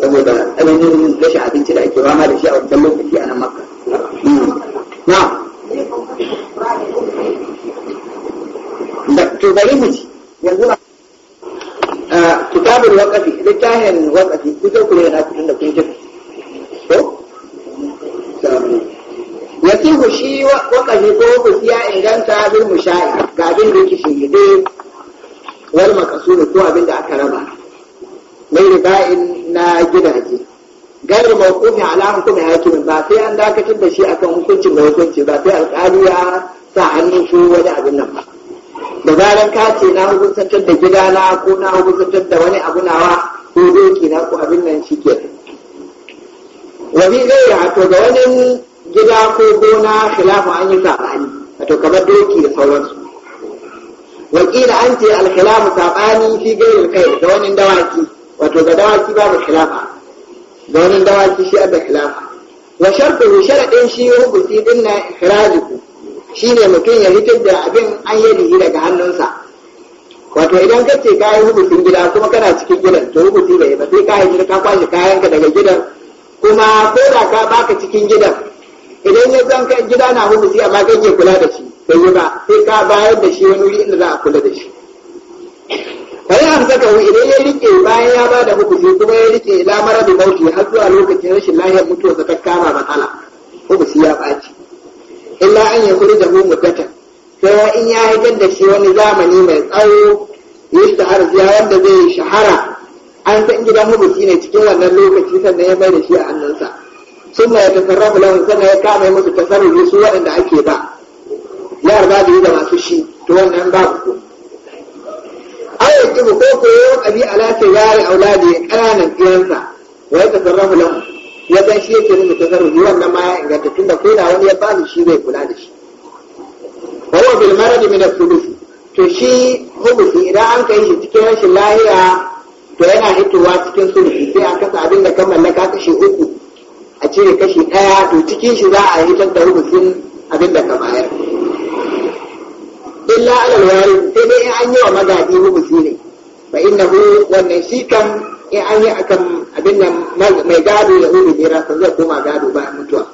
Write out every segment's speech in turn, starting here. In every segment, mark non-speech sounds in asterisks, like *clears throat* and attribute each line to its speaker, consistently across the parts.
Speaker 1: saboda ainihin rashin abinci da ake fama da shi a wancan lokaci a nan makka na to bari mu ci yanzu a kitabul waqafi littafin waqafi kuzo ku na kudin da kun tafi ko yasihu shi waqafi ko ku siya inganta bin mu sha'i, ga abin da yake shirye wal maqsud ko abin da aka raba mai riba'in na gidaje gairu mawqufi ala hukumi hakimin ba sai an dakatar da shi akan hukuncin da hukunci ba sai alƙali ya sa hannun shi wani abin nan ba da zaran ka ce na hukuncin da gidana ko na hukuncin da wani abu nawa ko doki na ko abin nan shi ke wani zai wato ga wani gida ko gona khilafa an yi sabani wato kamar doki da sauransu wakila an ce alkhilafu sabani fi gairin kai da wani dawaki wato ga dawaki babu khilafa ga wani dawaki shi da khilafa wa shartu sharadin shi hubusi din na ikhrajuhu shine mutum ya fitar da abin an yi daga hannunsa wato idan ka ce kayan rubutun gida kuma kana cikin gidan to hubusi bai ba sai kayan gida ka kwashe kayanka daga gidan kuma ko da ka baka cikin gidan idan ya zan gida na hubusi amma kai ke kula da shi bai yi ba sai ka bayar da shi wani wuri inda za a kula da shi saka hamsakahu idan ya rike bayan ya bada hukunci kuma ya rike ila maradin mauti har zuwa lokacin rashin lahiyar mutuwa ta kama matsala hukunci ya ɓaci illa an ya kuli da mu muddata sai in ya haifar da shi wani zamani mai tsawo ya shahara ziya wanda zai shahara an san gidan hukunci ne cikin wannan lokaci sannan ya bai da shi a hannunsa sun ya tasarrafa lahun sannan ya kama musu tasarrufi su waɗanda ake ba yar ba da yi da masu shi to wannan babu ai ki ko ko kabi alati yayi auladi kananan ɗiyansa wa ya tasarrafu lahu ya san shi yake nuna tasarrufi wannan ma ya inganta tunda ko wani ya bazu shi bai kula da shi wa huwa bil marad min al to shi hubusi idan an kai shi cikin rashin lahiya to yana hitowa cikin sulhi sai a kasa abin da ka mallaka kashi uku a cire kashi ɗaya to cikin shi za a yi da hubusin abin da ka bayar illa alal wari sai dai in an yi wa magadi hubusi ne fa innahu wannan shi kan in an yi akan abin nan mai gado ya hudu ne rasa zai koma gado bayan mutuwa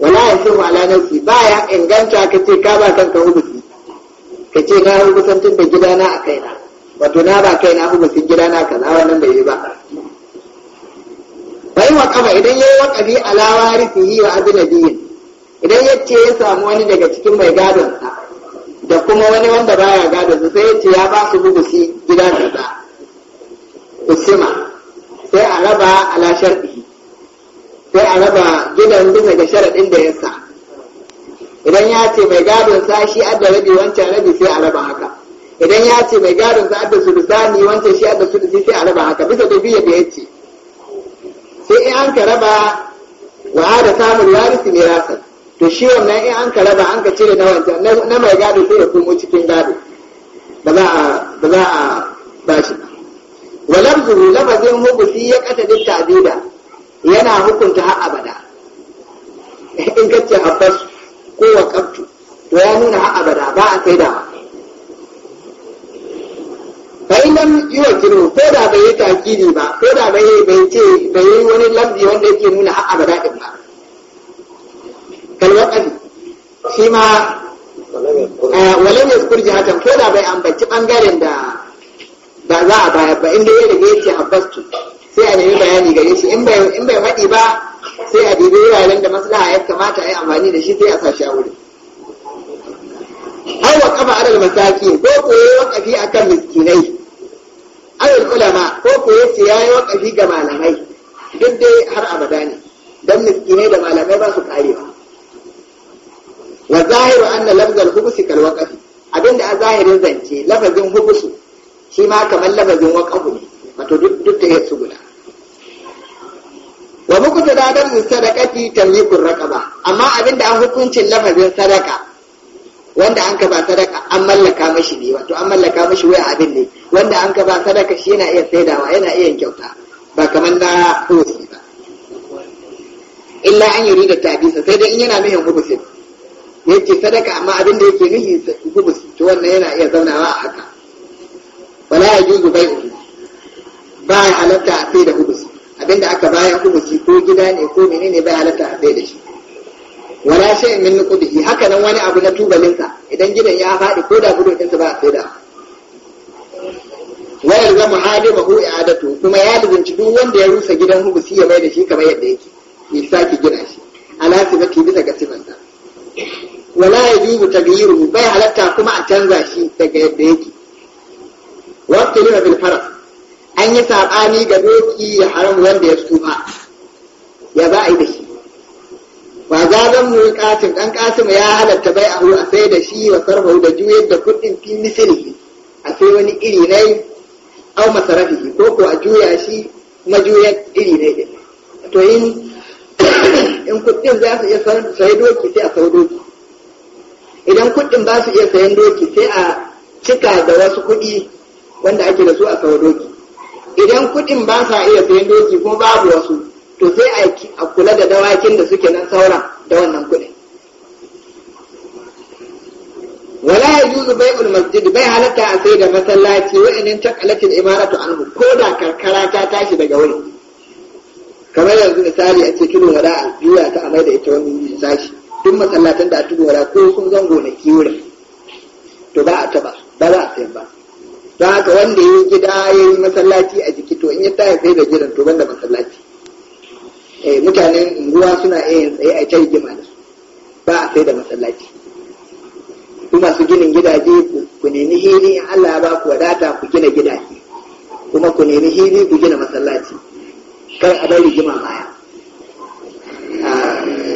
Speaker 1: wala ya sun wala ba baya inganta ka ce ka ba kanka hubusi ka ce na tun da gidana a kaina wato na ba kaina hubusin gidana na wannan bai yi ba bai waƙafa idan ya yi waƙafi ala yi wa abin nabiyin idan ya ce ya samu wani daga cikin mai gado da kuma wani wanda baya gada su sai ce ya ba su bugusi gida kaza usima sai a raba ala sharɗi sai a raba gidan bisa ga sharaɗin da ya sa idan ya ce mai gadon sa shi adda rabi wancan rabi sai a raba haka idan ya ce mai gadon sa adda sulusani wancan shi adda sulusi sai a raba haka bisa da biyar da ya ce sai in an ka raba wa'ada da samun warisi mai rasar to shi wannan in an ka raba an ka cire na wancan na mai gado sai ya komo cikin gado ba za a ba za a bashi wa lafzuhu lafazin hubusi ya kata duk ta'dida yana hukunta har abada in ka ce abbas ko wa kaftu to ya nuna har abada ba a kai da bai nan yi wa kiro ko da bai yi takidi ba ko da bai ce bai yi wani lafzi wanda yake nuna har abada din ba kalwatsari shi ma eh, walam yaskur jihatan ko da bai ambaci bangaren da ba za a bayar ba inda ya riga yace habbastu sai a nemi bayani gare shi in bai faɗi ba sai a dibi wuraren da maslaha ya kamata a yi amfani da shi sai a sa shi a wuri aw wa kafa alal masakin ko ko yayi wakafi akan miskinai aw ulama ko ko ya yi wakafi ga malamai duk dai har abada ne don miskinai da malamai ba su karewa wa zahiru anna lafzal hubusi kal waqafi abinda a zahirin zance lafazin hubusu shi ma kamar lafazin waqafu ne wato duk ta yatsu guda wa muku da adam sadaqati tamlikun raqaba amma abinda an hukuncin lafazin sadaka wanda an ka ba sadaka an mallaka mashi ne wato an mallaka mashi waya abin ne wanda an ka ba sadaka shi yana iya saidawa yana iya kyauta ba kamar na hukusi ba illa an yuri da tabisa sai dai in yana mai hukusin yake sadaka amma abin da yake nufi gubus to wannan yana iya zaunawa a haka wala ya juzu bai uku ba ya halatta a sai da gubus abinda aka baya gubusi ko gida ne ko menene bai halatta a sai da shi wala shay min nuqdihi haka nan wani abu na tubalinsa idan gidan ya faɗi ko da gudu ɗinsa ba a sai da wayar zama hadima hu i'adatu kuma ya lubunci duk wanda ya rusa gidan hubusi ya mai da shi kamar yadda yake ya sake gina shi ala sifati bisa ga ta. wala ya jubu tabiru bai halatta kuma a canza shi daga yadda yake wata lima bil faras an yi saɓani ga doki ya haram wanda ya tsufa ya za a yi da shi ba za zan mu katin dan katin ya halatta bai ahu a sai da shi wa sarfa da juyar da kuɗin fi misali a sai wani iri ne au masarafi ko ko a juya shi majuyar iri ne to in *coughs* in kuɗin za su iya sai doki sai a sau doki idan kuɗin ba su iya sayan doki sai a cika da wasu kuɗi wanda ake da su a kawo doki idan kuɗin ba sa iya sayan doki kuma babu wasu to sai a kula da dawakin da suke nan saura da wannan kuɗin wala ya juzu bai masjid bai halatta a sai da masallaci wa'inin takalatin imaratu anhu ko da karkara ta tashi daga wuri kamar yanzu misali a ce kilo wada a juya ta amai da ita wani sashi duk masallatan da a tudu wala ko sun zango na kiwure to ba a taba ba za a sayar ba don haka wanda ya yi gida ya yi masallaci a jiki to in ya ta sai da gidan to banda masallaci eh mutanen unguwa suna iya yin tsaye a can gima da su ba a sai da masallaci ku masu ginin gidaje ku nemi hili in Allah ba ku wadata ku gina gidaje kuma ku nemi hili ku gina masallaci kar a bari gima baya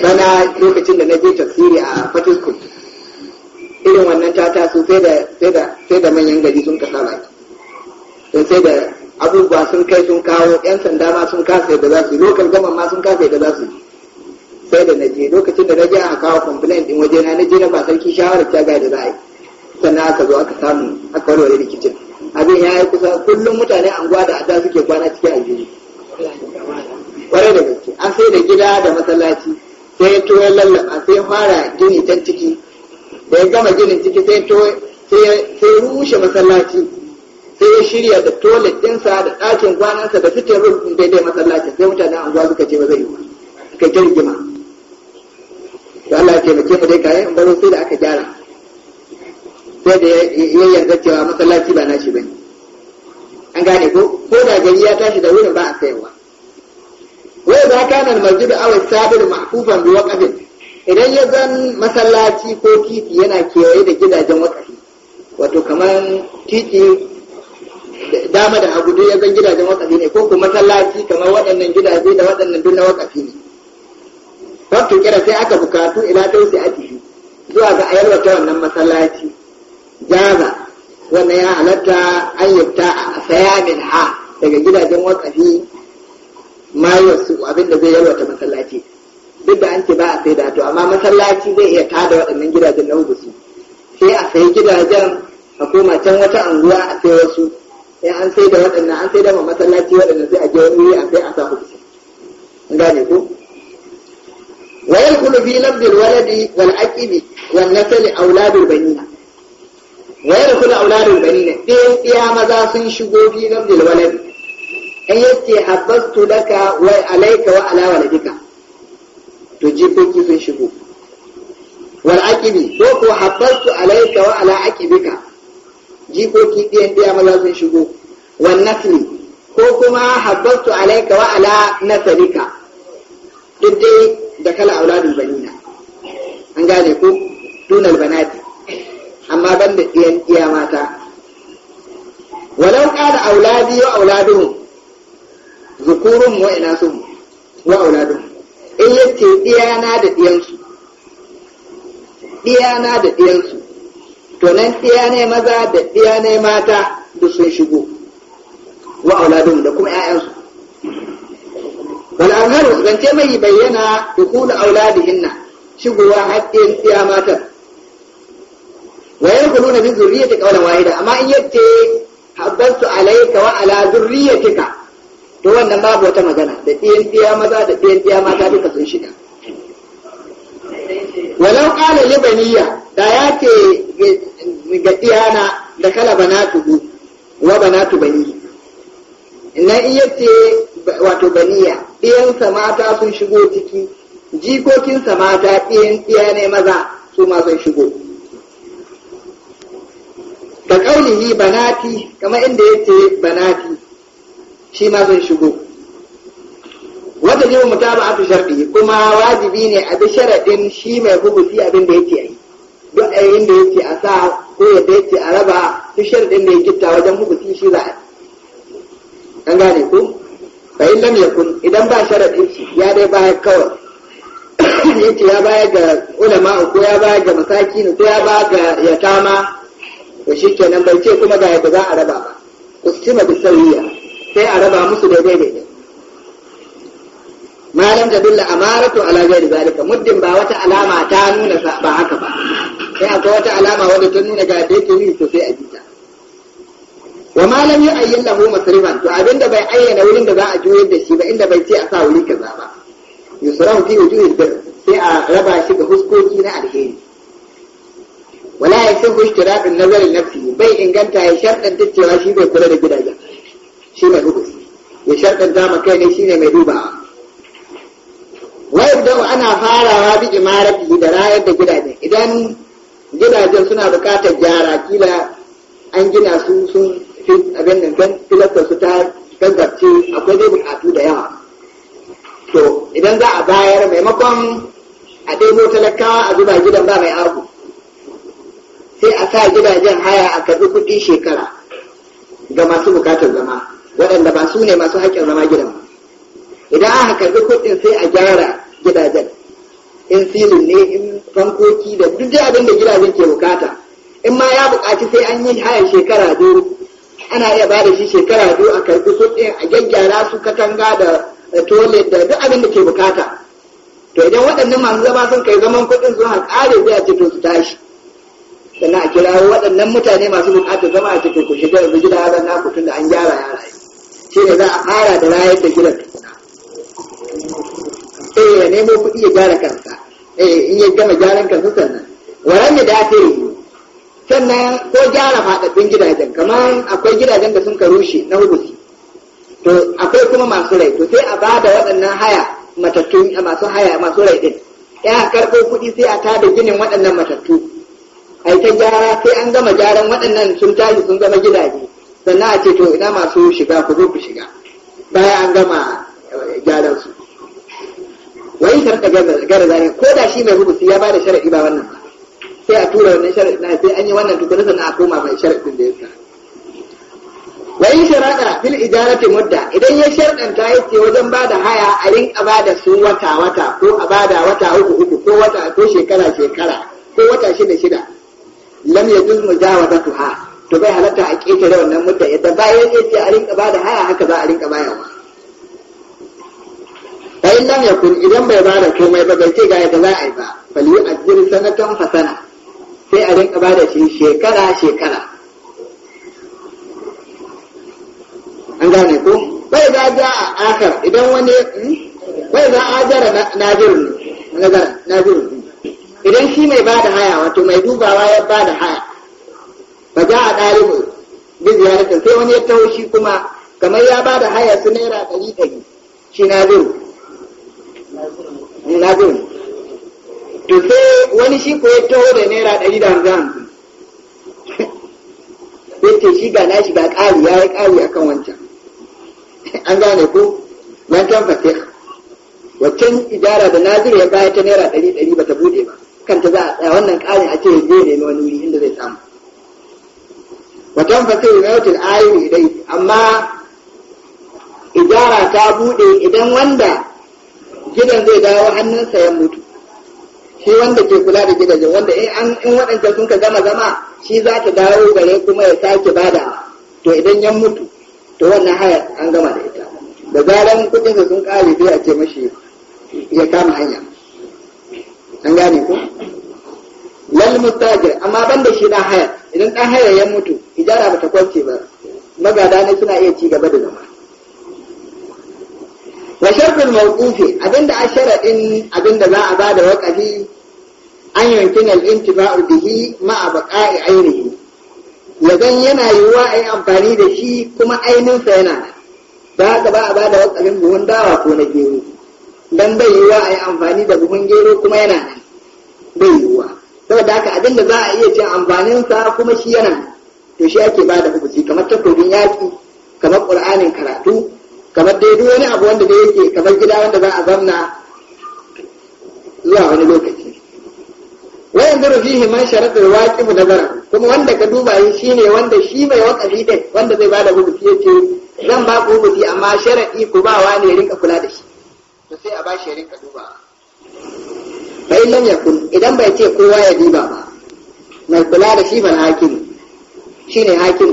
Speaker 1: bana lokacin da na je tafsiri a Fatiskun irin wannan ta taso sai da manyan gari sun kasa baki don sai da abubuwa sun kai sun kawo yan sanda ma sun kasa yadda za su lokal gama ma sun kasa yadda za su sai da na je lokacin da na je a kawo complaint din waje na na je na ba sarki shawarar ta ga da za a yi sannan aka zo aka samu aka warware rikicin abin ya yi kusa kullum mutane anguwa da ada suke kwana cikin aljihu kwarai da gaske an sai da gida da masallaci sai ya to lallaba sai fara gini ta ciki da ya gama ginin ciki sai to sai rushe masallaci sai ya shirya da toilet ɗinsa da ɗakin kwanansa da fitar rufin daidai masallaci sai an anguwa suka ce ba zai yi ba suka ta rigima da Allah ya mace mu dai kayan in bazo sai da aka gyara sai da ya yarda cewa masallaci ba nashi bane an gane ko ko da gari ya tashi da wurin ba a sayarwa wai za ka nan masjidu awai sabir mahfufan bi waqafin idan ya zan masallaci ko titi yana kewaye da gidajen waqafi wato kamar titi dama da hagu ya zan gidajen waqafi ne ko kuma masallaci kamar waɗannan gidaje da waɗannan duk na waqafi ne wato kira sai aka bukatu ila dai sai ake zuwa ga ayar ta wannan masallaci jaza wannan ya halatta an a saya min ha daga gidajen waqafi ma yasu abin da zai ta masallaci duk da an ce ba a sai da to amma masallaci zai iya tada waɗannan gidajen na hudu sai a sai gidajen a koma can wata anguwa a sai wasu sai an sai da waɗannan an sai da masallaci waɗannan sai a je wani wuri a sai a sa hudu an gane ko wa yadkhulu fi nabdi waladi wal aqibi wal nasli auladul banina wayar Kulu auladul banina sai ya maza sun shigo fi nabdi waladi in yace habbastu laka wa alayka wa ala waladika to jikoki sun shigo wal aqibi ko ko habbastu alayka wa ala aqibika jikoki ɗiyan ɗiya maza sun shigo wal nasli ko kuma habbastu alayka wa ala nasalika duk dai da kala auladul banina an gane ko Tunal banati amma ban da iyan iya mata walau ƙara auladi wa auladuhum zukurun wa ina sun wa auladun in yace diyana da diyansu diyana da diyansu to nan diyane maza da diyane mata da sun shigo wa auladun da kuma 'ya'yansu wal azharu zance mai bayyana dukul auladihinna shigowa haƙƙin iya matar wayar kuluna min zurriyyati qawlan wahida amma in yace habbantu alayka wa ala zurriyyatika to wannan babu wata magana da ɗiyan ɗiya maza da ɗiyan ɗiya mata duka sun shiga walau ƙala libaniya da ya ke ga ɗiyana da kala banatu wa banatu tubani na iya ce wato baniya ɗiyansa mata sun shigo ciki jikokinsa mata ɗiyan ɗiya ne maza su ma sun shigo ka ƙaunihi banati kamar inda ya ce banati shi ma zai shigo wata mu mutaba a sharɗi kuma wajibi ne a bi sharaɗin shi mai hukunci abin da yake yi duk ayin da yake a sa ko da yake a raba shi sharaɗin da ya gitta wajen hukunci shi za a an gane ku. fa in lam yakun idan ba sharaɗin shi ya dai baya kawai *coughs* yace ya baya ga ulama ko ya baya ga ne ko ya baya ga yatama to shikenan bai ce kuma ga yadda za a raba ba ustima bisawiyya sai a raba musu daidai daidai malam da dilla amaratu ala ghairi zalika muddin ba wata alama ta nuna ba haka ba sai akwai wata alama wadda ta nuna ga da yake yi to sai a jita wa malam ya ayyin lahu masrifan to abinda bai ayyana wurin da za a juyar da shi ba inda bai ce a sa wuri kaza ba yusrahu fi wujuhil bir sai a raba shi ga huskoki na alheri wala ya nazarin nafsi bai inganta ya sharɗanta cewa shi bai kula da gidajen za mu kai ne shine mai duba wai da ana farawa bi imarati da rayar da gidaje. idan gidajen suna buƙatar gyara kila an gina su sun fi abin nan kan filastar su ta gaggabce akwai dai buƙatu da yawa to idan za a bayar maimakon a ɗebo talakawa a zuba gidan ba mai abu sai a sa gidajen haya a karɓi kuɗi shekara ga masu bukatar zama waɗanda ba su ne masu haƙƙin zama gidan idan aka karbi kuɗin sai a gyara gidajen in filin ne in fankoki da duk abin da gidajen ke bukata in ma ya buƙaci sai an yi hayan shekara biyu ana iya ba da shi shekara biyu a karbi kuɗin a gyaggyara su katanga da toilet da duk abin da ke bukata to idan waɗannan masu zama sun kai zaman kuɗin zuwa ƙare zai a cikin su tashi sannan a kira waɗannan mutane masu buƙatar zama a cikin ku shiga yanzu gida na kutun da an gyara yara shi ne za a fara da rayar da gidan eh ya nemo kuɗi ya gyara kansa eh in ya gama gyaran kansa sannan waran da ake yi sannan ko gyara faɗaɗɗun gidajen kamar akwai gidajen da sun ka rushe na hubusi to akwai kuma masu rai to sai a ba da waɗannan haya matattu masu haya masu rai ɗin ya karɓo kuɗi sai a tada ginin waɗannan matattu A ta gyara sai an gama gyaran waɗannan sun tashi sun zama gidaje sannan a ce to ina masu shiga ku zo ku shiga bayan an gama eh, gyaran su wai sharta gara zane ko da shi mai rubutu ya bada sharaɗi ba wannan ba sai a tura wannan sharaɗi na sai an yi wannan tukuna sannan a koma mai sharaɗin da ya sa wai sharaɗa fil ijarati mudda idan ya sharɗanta ya ce wajen ba da haya a rinka ba da su wata wata ko a ba da wata uku uku ko wata ko shekara shekara ko wata shida shida lam yajuz mujawazatuha to bai halatta a ƙetare wannan mutum yadda bayan ya ce a rinka ba da haya haka za a rinka bayarwa nan ya kun idan bai ba da komai ba bai ce ga yadda za a yi ba fali ajir sanatan fasana sai a rinka ba da shi shekara shekara an gane ko bai za ja a akar idan wani hmm? bai za a jara najirin najirin idan shi mai ba da haya wato mai dubawa ya ba da haya fa a duk bi ziyaratin sai wani ya taho shi kuma kamar ya ba da haya su naira ɗari ɗari shi na na zuru to sai wani shi ko ya taho da naira ɗari da hamsin hamsin *laughs* sai ce shi ga nashi ga ƙari ya yi ƙari a kan wancan *laughs* an gane ku wancan fatih waccan ijara da naziru ya baya ta naira ɗari ɗari ba ta buɗe ba kanta za a wannan ƙarin a ce ya je ne wani wuri inda zai samu fatan fasirin yautin ayin dai amma ijara ta bude idan wanda gidan zai dawo hannunsa ya mutu shi wanda ke kula da gidajen wanda in an in waɗanda sun ka gama zama shi za ta dawo gare kuma ya sake bada to idan ya mutu to wannan haya an gama da ita da zaran kudin sun kare sai a ce mashi ya kama hanya an gane ku lal mustajir amma banda shi dan haya idan dan haya ya mutu ijara ba ta kwance ba magada na suna iya ci gaba da zama wa sharfin mawqufi abinda a sharaɗin abinda za a bada waƙafi an yankin al-intiba'u bihi baƙa baqa'i ainihi ya zan yana yiwuwa a yi amfani da shi kuma ainihinsa yana da haka ba a bada waƙafin buhun dawa ko na gero dan bai yiwuwa a yi amfani da buhun gero kuma yana nan bai yiwuwa saboda haka abinda za a iya cin amfaninsa kuma shi yana nan to shi ake ba da hukunci kamar takobin yaƙi kamar ƙur'anin karatu kamar dai duk wani abu wanda da yake kamar gida wanda za a zamna zuwa wani lokaci wayan zuru fihi man sharatu waqifu nazara kuma wanda ka duba yi shine wanda shi mai wakafi dai, wanda zai bada hukunci yace zan ba ku hukunci amma sharadi ku ba wa ne rinka kula da shi to sai a ba shi rinka duba fa in ya yakun idan bai ce kowa ya diba ba mai kula da shi ban hakimi shine hakim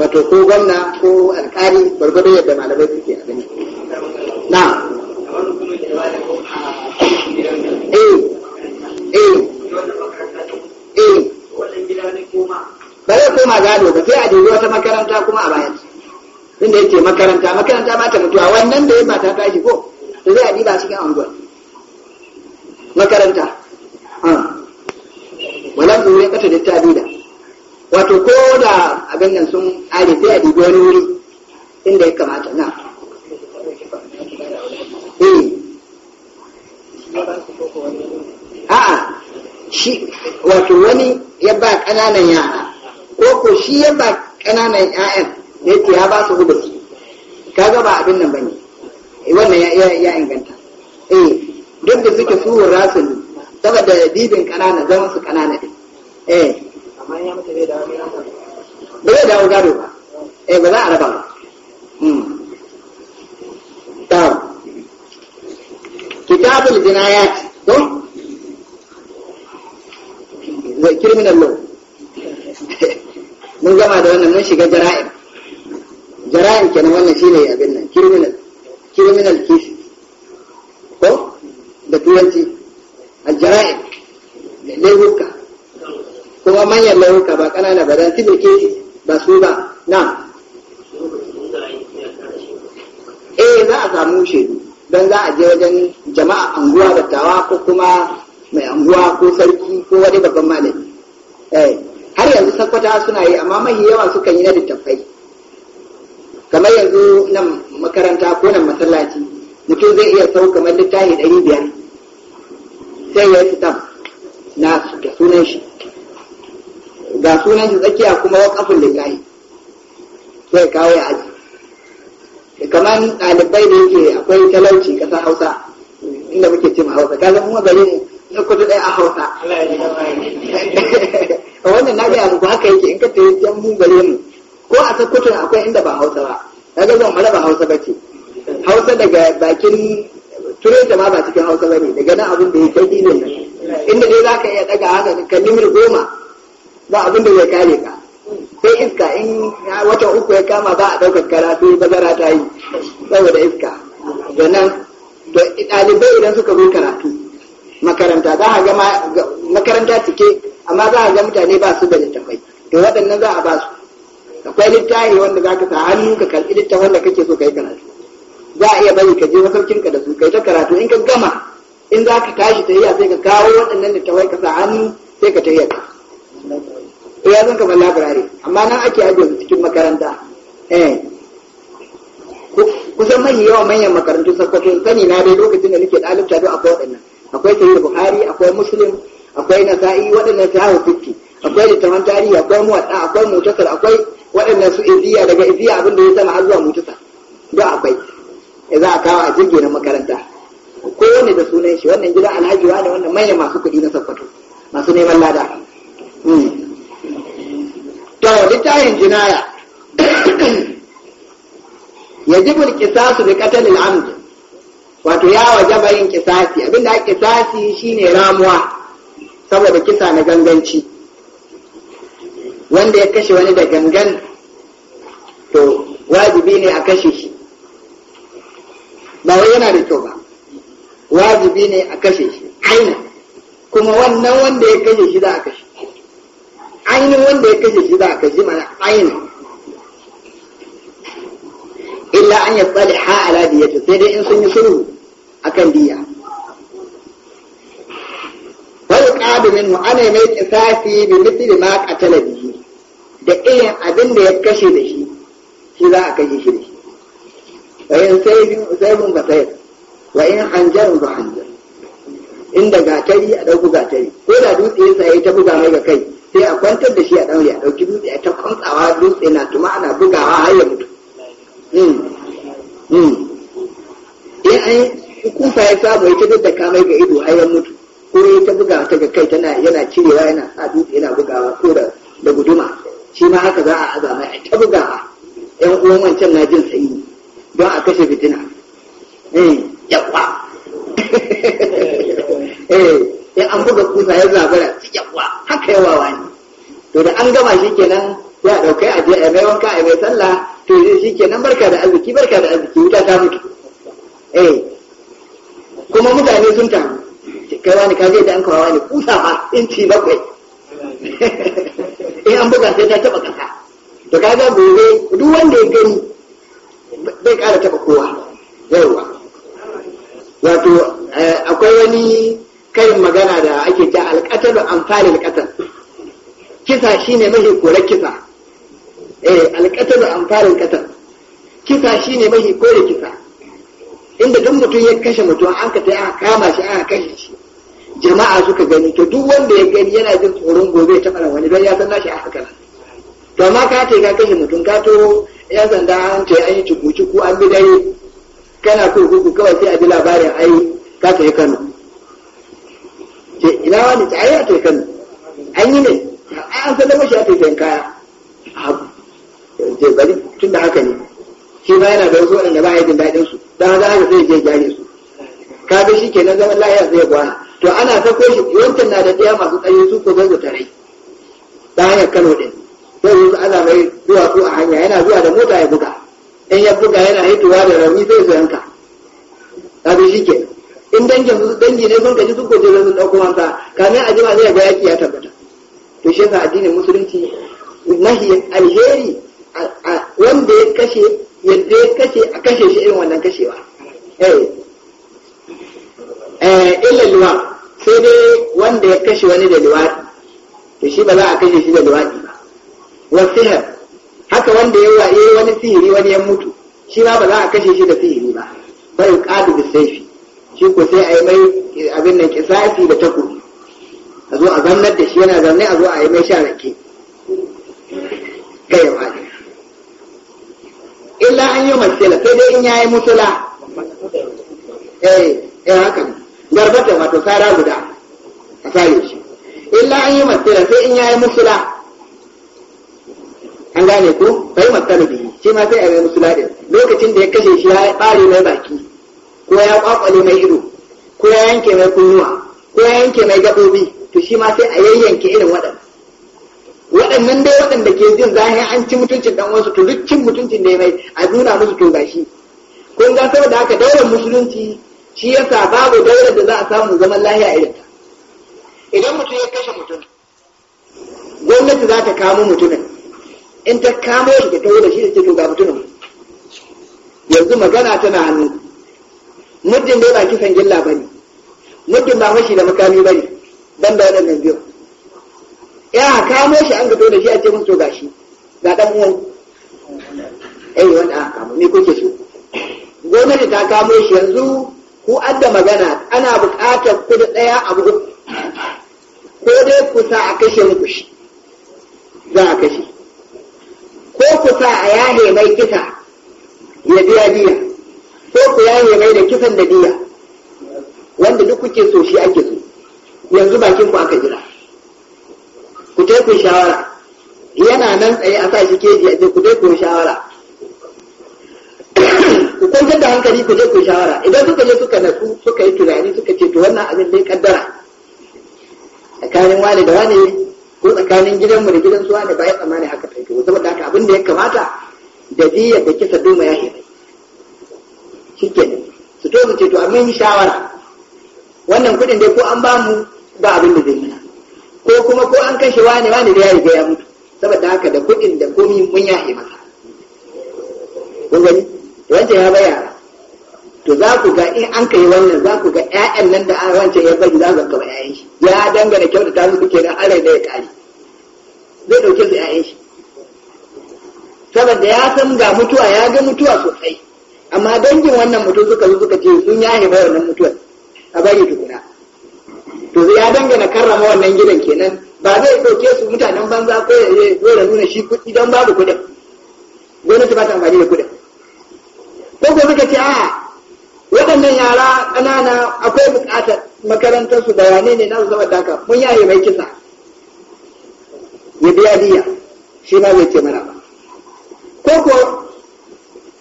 Speaker 1: wato ko gwamna ko alkali gwargwado yadda malamai suke a gani na eh eh eh ba zai koma gado ba sai a dubi wata makaranta kuma a bayan inda yake makaranta makaranta ma ta mutuwa wannan da ya ba ta tashi ko to zai a diba cikin anguwa makaranta ah. walan zuwa ya kata da ta wato ko da abin nan sun ƙare sai a dubi wani wuri inda ya kamata na eh. a'a shi wato wani ya ba ƙananan yara ko ko shi ya ba ƙananan 'ya'yan da yake ya ba su su? Ka ba abin nan bane eh, wannan ya inganta eh duk da suke suwar rasu saboda dibin ƙanana zama su ƙanana eh ba zai dawo gado ba eh ba za a raba ba hmm. kitabul jinayat don criminal law mun gama da wannan mun shiga jara'in jara'in kenan wannan shine abin nan criminal criminal case ko da turanci al jara'in laifuka kuma manyan launuka ba kanana ba don tilike ba su ba na eh za a samu shaidu don za a je wajen jama'a anguwa tawa ko kuma mai anguwa ko sarki ko wani babban malami eh, har yanzu sakwata suna yi amma mahi yawa sukan yi na littattafai kamar yanzu nan makaranta ko nan masallaci mutum zai iya sau kamar littafi ɗari biyar sai ya yi fitan na da sunan shi ga sunan shi tsakiya kuma wakafin lillahi sai kawo ya aji kamar ɗalibai da yake akwai talauci ƙasar hausa inda muke cin hausa kaga kuma gari ne na kudu ɗaya a hausa a *laughs* wannan na gaya muku haka yake in ka tafi yan mu gare ne ko a sakkwato akwai inda ba hausa ba ga zan mara ba hausa ba ce hausa daga bakin tureta ma ba cikin hausa ba ne daga nan abin da ya kai ne inda dai za ka iya ɗaga haka ka nimir goma ba abin da zai kare ka sai iska in watan uku ya kama ba a ɗaukar kara sai bazara ta yi saboda iska sannan to ɗalibai idan suka zo karatu makaranta za a ga makaranta cike amma za a ga mutane ba su da littafai to waɗannan za a ba su akwai littafi wanda za ka sa hannu ka karɓi littafin da kake so ka yi karatu za a iya bari ka je masaukinka da su kai ta karatu in ka gama in za ka tashi tafiya sai ka kawo waɗannan littafai ka sa hannu sai ka tafiya ka ya zan kamar burare. amma nan ake ajiye su cikin makaranta eh. kusan mahi yawan manyan makarantu sakwato sani na dai lokacin da nake ɗalibta don akwai waɗannan akwai sahih buhari akwai muslim akwai nasa'i waɗannan hawo fitti akwai littafan tarihi akwai muwaɗa akwai mutasar akwai waɗannan su iziya daga iziya abin da ya sama har zuwa mutasar don akwai eh, za a kawo a jirgi na makaranta kowane da sunan shi wannan gida alhaji wani wannan manyan masu kuɗi na sakwato masu neman lada nau'in jinaya ya yajibul qisasu bi qatl al-amd wato ya wajaba yin qisasi abinda ake shi ne ramuwa saboda kisa na ganganci wanda ya kashe wani da gangan to wajibi ne a kashe shi ba wai yana da kyau ba wajibi ne a kashe shi aina kuma wannan wanda ya kashe shi za a kashe ainihin wanda ya kashe shi za a kashe mana ainihin illa an yi tsali ha ala diyatu sai dai in sun yi sulhu kan diya wani ƙadu minhu ana mai tsafi bi misli ma qatala bihi da irin abin da ya kashe da shi shi za a kashe shi da shi wa in sai usaybun ba sayyid wa in hanjar ba hanjar inda gatari a ɗauku gatari ko da dutse ya ta buga mai ga kai sai a kwantar da shi a ɗaure a ɗauki dutse a ta kwantsawa dutse na tuma ana bugawa har ya mutu in an hukunta ya samu ya duk da kamai ga ido har ya mutu ko ya ta buga ta ga kai tana yana cirewa yana sa dutse yana bugawa ko da guduma shi ma haka za a aza mai a ta bugawa yan uwan wancan na jin ne mahi da kisa inda duk mutum ya kashe mutum an ka ta kama shi an kashe shi jama'a suka gani to duk wanda ya gani yana jin tsoron gobe ta fara wani don ya san nashi a haka to amma ka ta ka kashe mutum ka to ya sanda an ce an yi cuku-cuku an bi dai kana ku kawai sai a ji labarin ai ka ta yi kano ke ina wani ta yi a ta yi kano an yi ne an san da mashi a ta yi kaya a ce bari tun da haka ne shi ba yana da wasu waɗanda ba yi jin daɗin su dan haka haka zai je gyare su ka bi shi kenan zaman lafiya zai gwana to ana ta shi yankin na da ɗaya masu tsaye su ko zuta rai. ta hanyar Kano ɗin Zai yanzu ana mai zuwa su a hanya yana zuwa da mota ya buga in ya buga yana hitowa da rauni sai su yanka ka shi kenan in dangin su dangi ne sun kaji ko koje sun ɗauko wanka kamin a jima zai ga yaƙi ya tabbata to shi yasa addinin musulunci nahi alheri wanda ya kashe yadda ya kashe a kashe shi irin wannan kashewa eh, eh illa luwa sai dai wanda ya kashe wani da luwaɗi to shi ba za a kashe shi da luwaɗi ba wa sihir haka wanda ya waye wani sihiri wani ya mutu shi ma ba za a kashe shi da sihiri ba bai ƙadu da saifi shi ko sai a yi mai abin nan kisasi da takobi a zo a zannar da shi yana zanne a zo a yi mai sha rake kai ya illa an yi matsala sai dai in yayi mutula eh eh haka garbata wato sara guda a sare shi illa an yi matsala sai in yayi mutula an gane ku bai matsala biyu shi ma sai a yi mutula din lokacin da ya kashe shi ya bare mai baki ko ya kwakwale mai ido ko ya yanke mai kunnuwa ko ya yanke mai gabobi to shi ma sai a yayyanke irin waɗannan. waɗannan dai waɗanda ke jin zahiri an ci mutuncin dan wasu to duk cin mutuncin ne mai a nuna musu to gashi kun ga saboda haka daular musulunci shi yasa babu daular da za a samu zaman lahiya a ta idan mutum ya kashe mutum gwamnati za ta kamo mutumin in ta kamo shi ta wuce shi da ce to ga mutumin yanzu magana tana hannu muddin dai ba kisan gilla ba ne muddin ba fashi da makami ba ne ban da waɗannan biyu ya kamo shi an gado da shi a ce mun to gashi ga dan uwan eh wanda kamo ne kuke so gwamnati ta kamo shi yanzu ku adda magana ana buƙatar ku da ɗaya abu ko dai ku sa a kashe muku shi za a kashe ko ku sa a yahe mai kisa ya biya biya ko ku yahe mai da kisan da biya wanda duk kuke so shi ake so yanzu bakin ku aka jira ku je ku shawara yana nan tsaye a sa shi keji a ku je ku shawara ku kwantar da hankali ku je ku shawara idan suka je suka nasu suka yi tunani suka ce to wannan abin dai kaddara tsakanin wani da wani ko tsakanin gidanmu da gidan su wani ba ya tsammani haka ta wata wadda haka abin da ya kamata da jiya da kisa doma ya hebe shi ne su to su ce to amin shawara wannan kuɗin dai ko an ba mu ba abin da zai mana ko kuma ko an kashe wani wani da ya riga ya mutu saboda haka da kuɗin da komi mun yahe maka. kun gani wancan ya baya to za ku ga in an kai wannan za ku ga 'ya'yan nan da wancan ya bari za su ba 'ya'yan shi ya dangana ta musu kenan arai da ya kare zai ɗauke su 'ya'yan shi saboda ya san ga mutuwa ya ga mutuwa sosai amma dangin wannan mutum suka zo suka ce sun yahe bayar wannan mutuwar a bari tukuna to ya dangana karrama wannan gidan kenan ba zai ɗauke su mutanen banza ko ya yi da nuna shi kuɗi don babu kuɗin gwamnati ba ta amfani da kuɗin ko ko suka ce a waɗannan yara ƙanana akwai buƙatar makarantar su bayanai ne na su zama daka mun yaye mai kisa ya biya diya shi ma zai ce mana ba ko ko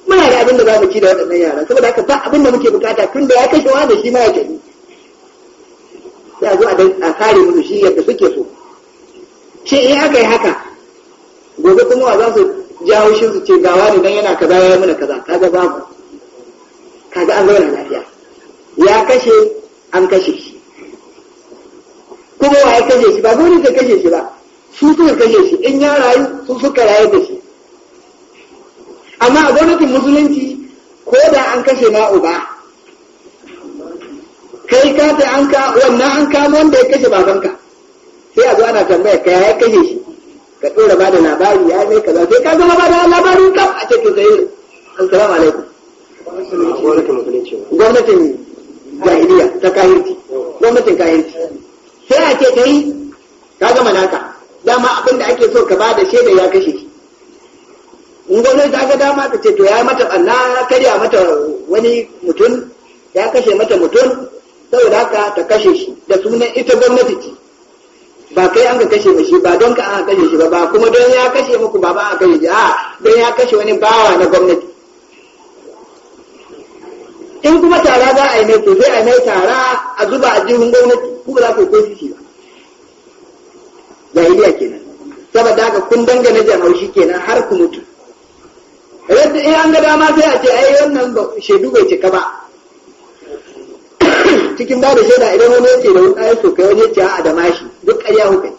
Speaker 1: muna da abin da za mu ci da waɗannan yara saboda haka ba abin da muke bukata tun da ya kashe wa da shi ma ya kashe sai a zo a kare musu shi yadda suke so ce in aka yi haka gobe kuma wa za su jawo shi su ce gawa ne dan yana kaza ya mana kaza kaga babu kaga an zauna lafiya ya kashe an kashe shi kuma wa ya kashe shi ba dole ka kashe shi ba su suka kashe shi in ya rayu su suka rayu da shi amma a gwamnatin musulunci ko da an kashe ma uba ta ce an ka wannan an kama wanda ya kashe babanka sai a zo ana tambaya ka ya kashe shi ka dora ba da labari ya mai kaza sai ka zama ba da labarin kam a ce to sai assalamu alaikum gwamnatin jahiliya ta kayanci gwamnatin kayanci sai a ce kai ka gama naka dama abin da ake so ka ba da shaida ya kashe shi in gwamnati ta ga dama ta ce to ya mata ɓanna karya mata wani mutum ya kashe mata mutum saboda haka ta kashe shi da sunan ita gwamnati ce ba kai an ka kashe ba shi ba don ka an kashe shi ba ba kuma don ya kashe muku ba ba a kashe shi a don ya kashe wani bawa na gwamnati in kuma tara za a yi mai to sai a yi mai tara a zuba a jihun gwamnati ku za ku kai shi ba jahiliya kenan saboda haka kun dangane jan haushi kenan har ku mutu yadda in an ga dama sai a ce ai wannan shaidu bai cika ba cikin ba da shaida idan wani yake da wuta ya kai wani yake a da mashi duk ƙarya kuka kai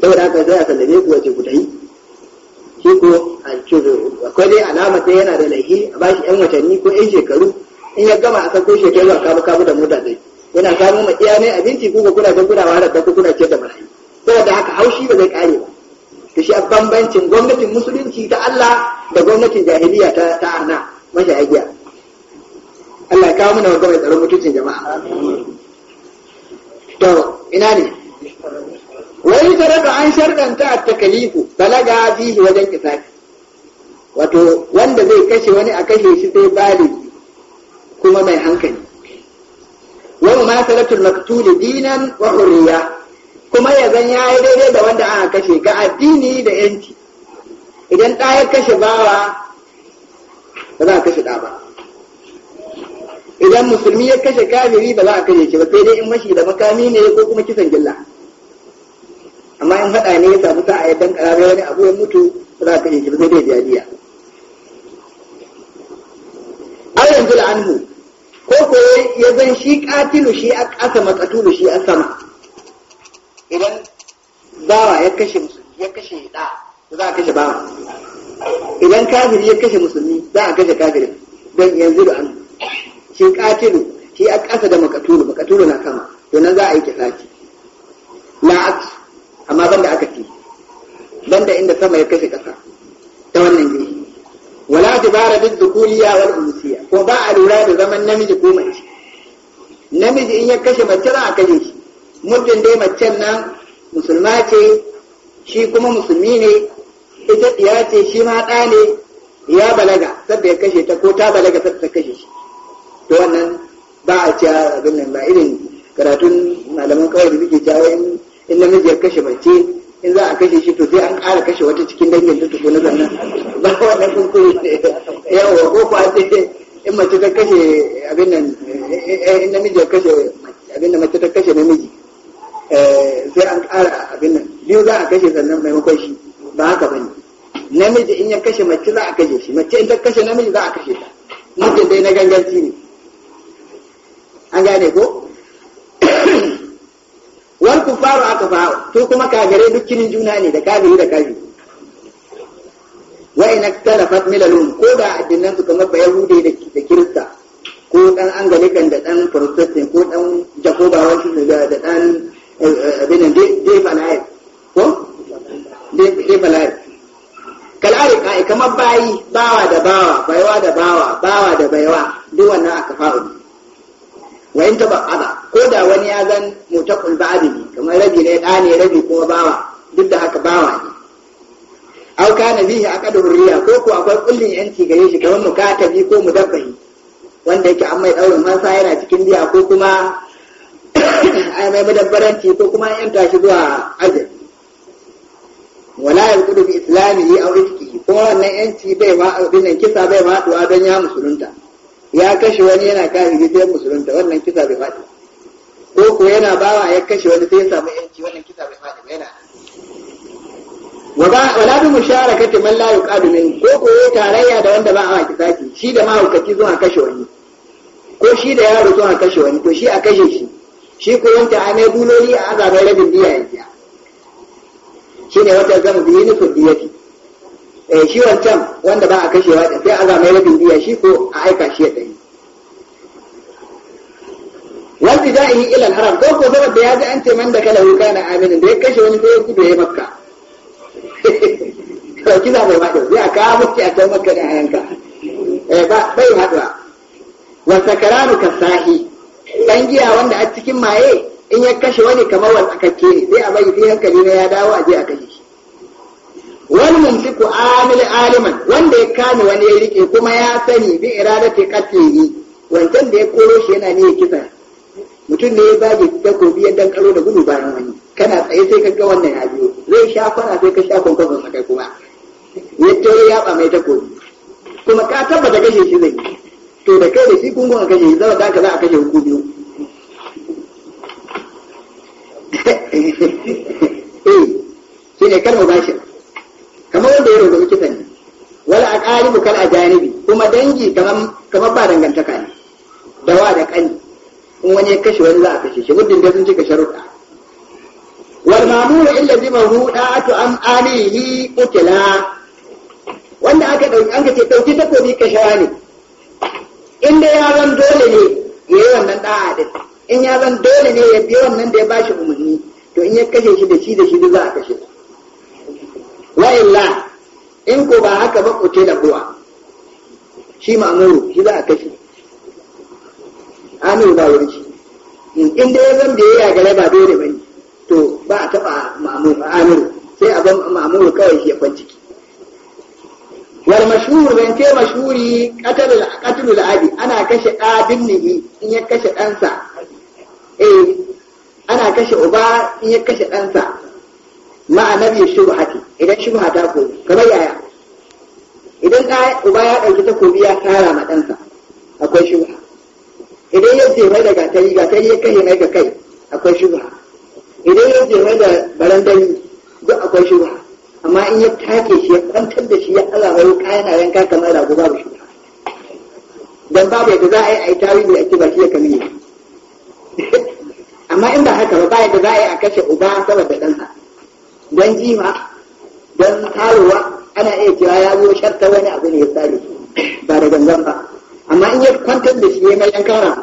Speaker 1: saboda haka zai a sallame ku wace ku ta shi ko a cikin akwai dai alama sai yana da laifi a ba shi yan watanni ko yan shekaru in ya gama a ko shekaru a kabu kabu da mota zai yana samun ma iya ne abinci ko ga kuna ga kuna wahalar da kuna ce da marayu saboda haka haushi ba zai kare ba to shi a bambancin gwamnatin musulunci ta Allah da gwamnatin jahiliya ta ta ana hajiya Allah ya kawo mana wanda mai tsaron mutuncin jama'a to ina ne wani da an sharɗanta a takalifu balaga fihi wajen kisafi wato wanda zai kashe wani a kashe shi sai bali kuma mai hankali wa mumasalatul maktuli dinan wa hurriya kuma ya zan yayi daidai da wanda aka kashe ga addini da yanci idan ɗaya kashe bawa ba za a kashe ɗa ba idan musulmi ya kashe kafiri ba za a kashe shi ba sai dai in mashi da makami ne ko kuma kisan gilla amma in haɗa ne ya samu sa'a ya dan karabe wani abu ya mutu ba za a kashe shi ba sai dai jariya an yanzu da anhu ko ko ya zan shi katilu shi a ƙasa matsatulu shi a sama idan bawa ya kashe musulmi ya kashe da za a kashe bawa idan kafiri ya kashe musulmi za a kashe kafirin don yanzu da anhu shi katilu shi a ƙasa da makatulu makatulu na kama to nan za a yi kisaki la aks amma banda aka ci banda inda sama ya kashe ƙasa ta wannan gini. wala dubara duk dukuliya wal unsiya ko ba a lura da zaman namiji ko mace namiji in ya kashe mace za a kashe shi muddin dai macen nan musulma ce shi kuma musulmi ne ita ya ce shi ma ɗa ne ya balaga sabda ya kashe ta ko ta balaga sabda ta kashe shi to wannan ba a ciya abin nan ba irin karatun malaman kawai da muke jawo in na namiji ya kashe mace in za a kashe shi to sai an ƙara kashe wata cikin dangin ta tuko na zannan *laughs* ba wannan kunkuri ne yawa ko ko sai in mace ta kashe abin nan eh, in namiji ya kashe abin da mace ta kashe namiji eh, sai an ƙara abin nan biyu za a kashe sannan maimakon shi ba haka ba ne namiji in ya kashe mace za a kashe shi mace in ta kashe namiji za a kashe ta mutum dai na ganganci ne an gane ko *coughs* wal kufaru aka fa to kuma kagare dukkanin juna ne da kafiri da kafiri wa in aktalafat milalun ko da addinan su kamar bayahude da kirista ko dan angalikan da dan protestant ko dan Jacoba shi da da dan eh, eh, abin da dai falaye ko dai falaye kalari kai kamar bayi bawa da bawa baiwa da bawa bawa da baiwa duk wannan aka fa'u wa in ana ko da wani ya zan mutakul ba'adi ne kamar rabi ne da ne rabi kuma bawa duk da haka bawa ne au kana bihi aqadu riya ko ko akwai kullin yanci gare shi kamar mukatabi ko mu mudabbahi wanda yake an mai daurin masa yana cikin biya ko kuma *coughs* ai mai madabbaranci ko kuma yan yanta shi zuwa ajal wala yalqudu bi islamihi aw itqihi ko wannan yanci bai ma dinnan kisa bai ma duwa don ya musulunta ya kashe wani yana kafiri sai musulunta wannan kisa bai faɗi ko ko yana bawa ya kashe wani sai ya samu yanci wannan kisa bai faɗi ba yana wala bi musharakati man la yuqadu min ko ko tarayya da wanda ba a kisaki shi da mahaukaci zuwa kashe wani ko shi da yaro zuwa kashe wani to shi a kashe shi shi ko wanda a mai buloli a azabai rabin biya shi ne wata zama biyu nufin biyati eh shi wancan wanda ba a kashewa da sai aza mai rabin biya shi ko a aika shi ya dai wanda da yi ilal haram ko ko saboda ya ga an ce man da kala wuka na aminin da ya kashe wani sai ya gudu ya makka to *laughs* kina bai hada a ka muke a can makka da ayanka eh ba bai hada wa sakaranu kasahi dan giya wanda a cikin maye in ya kashe wani kamar wani akakke ne sai a bai sai hankali ne ya dawo a je a kashe yumliku amil aliman wanda ya kame wani ya rike kuma ya sani bi iradati qatlihi wancan da ya koro shi yana ne kisa mutum ne ya bage takobi ya dankalo da gudu bayan wani kana tsaye sai ka ga wannan ya biyo zai sha kwana sai ka sha kwankwason sa kai kuma ya tare ya ba mai takobi kuma ka tabbata kashe shi zai to da kai da shi kun gona kashe zai zama da ka za a kashe hukun biyu *laughs* eh shi ne kalmar bashin kamar wanda ya rungumi kisan ne wala aqaribu kal ajanibi kuma dangi kamar kamar ba dangantaka ne dawa da kani in wani ya kashe wani za a kashe shi muddin da sun cika sharuɗa wal mamuru illa mahuda atu am alihi qutila wanda aka dauki an ce dauki takobi ka shara ne in dai ya zan dole ne ya yi wannan da'a da in ya zan dole ne ya biyo wannan da ya bashi umarni to in ya kashe shi da shi da shi da za a kashe shi wa'illa in ko ba haka ba kuke da kuwa shi ma'amuru shi za a kashe amiru ba wuri shi in dai zan da ya gare ba dole ba to ba a taɓa ma'amuru amiru sai a ban ma'amuru kawai shi ya ki. wal mashhur ban ce mashhuri qatlul qatlul abi ana kashe abin nihi in ya kashe ɗansa eh ana kashe uba in ya kashe ɗansa ma nabi haka idan ba ta ko kamar yaya idan ka uba ya dauki takobi ya kara ma ɗansa akwai ba idan ya je mai da gatari gatari ya kai mai daga kai akwai ba idan ya je mai da barandami duk akwai ba amma in ya take shi ya kwantar da shi ya alama yau kayan a yanka kamar da babu shi don babu yadda za a yi a yi tarihi a ce shi ya kamiye *laughs* amma in ba haka ba ba yadda za a yi a kashe uba saboda ɗansa don jima don karuwa ana iya cewa ya zo sharta wani abu ne ya sare ba da gangan ba amma in ya kwantar da shi ya mai yankara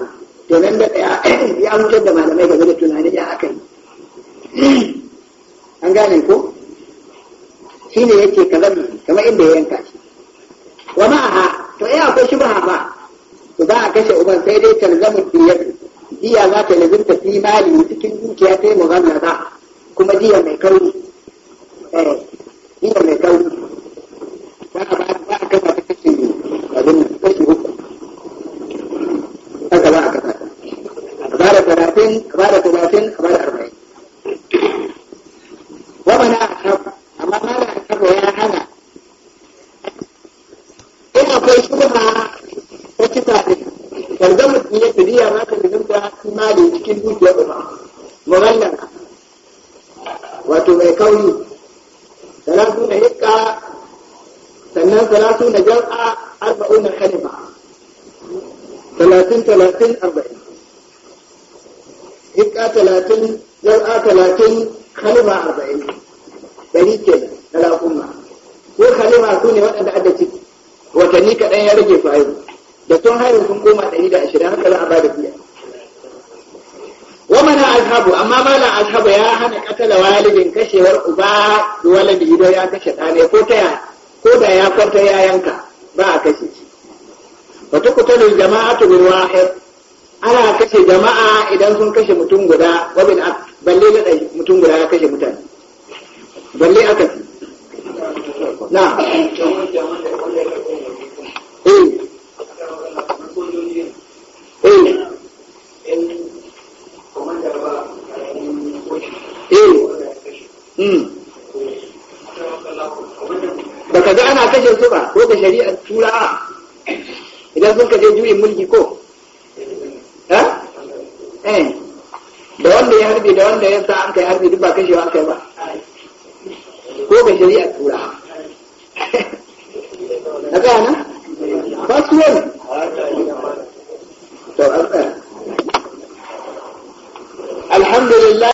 Speaker 1: to nan da *clears throat* ya amince da malamai game da tunanin ya aka yi an gane ko shi ne yake kazan kamar inda ya yanka shi wa ma'aha to ya akwai shi ba to za a kashe uban sai dai talzamu yadda. diya za ta lazimta fi mali cikin dukiya ta yi mu ba kuma diya mai kauri kaɗan ya rage su haihu da sun haihu sun koma ɗari da ashirin haka za a ba da biya wa mana azhabu amma mala alhabu ya hana katala walidin kashewar uba da walidi idan ya kashe ɗane ko ta ko da ya kwanta ya yanka ba a kashe shi wa tuqtalu jama'atu bil wahid ana kashe jama'a idan sun kashe mutum guda wa bil balle da mutum guda ya kashe mutane balle aka na ba ka ga ana kashe su ba ko ka shari'ar tura'a idan sun ka je juyin mulki ko eh. da wanda ya harbe da wanda ya sa an kai harbe duk ba kashe an kai ba ko *laughs* ka shari'ar tura'a na gana فصل الحمد لله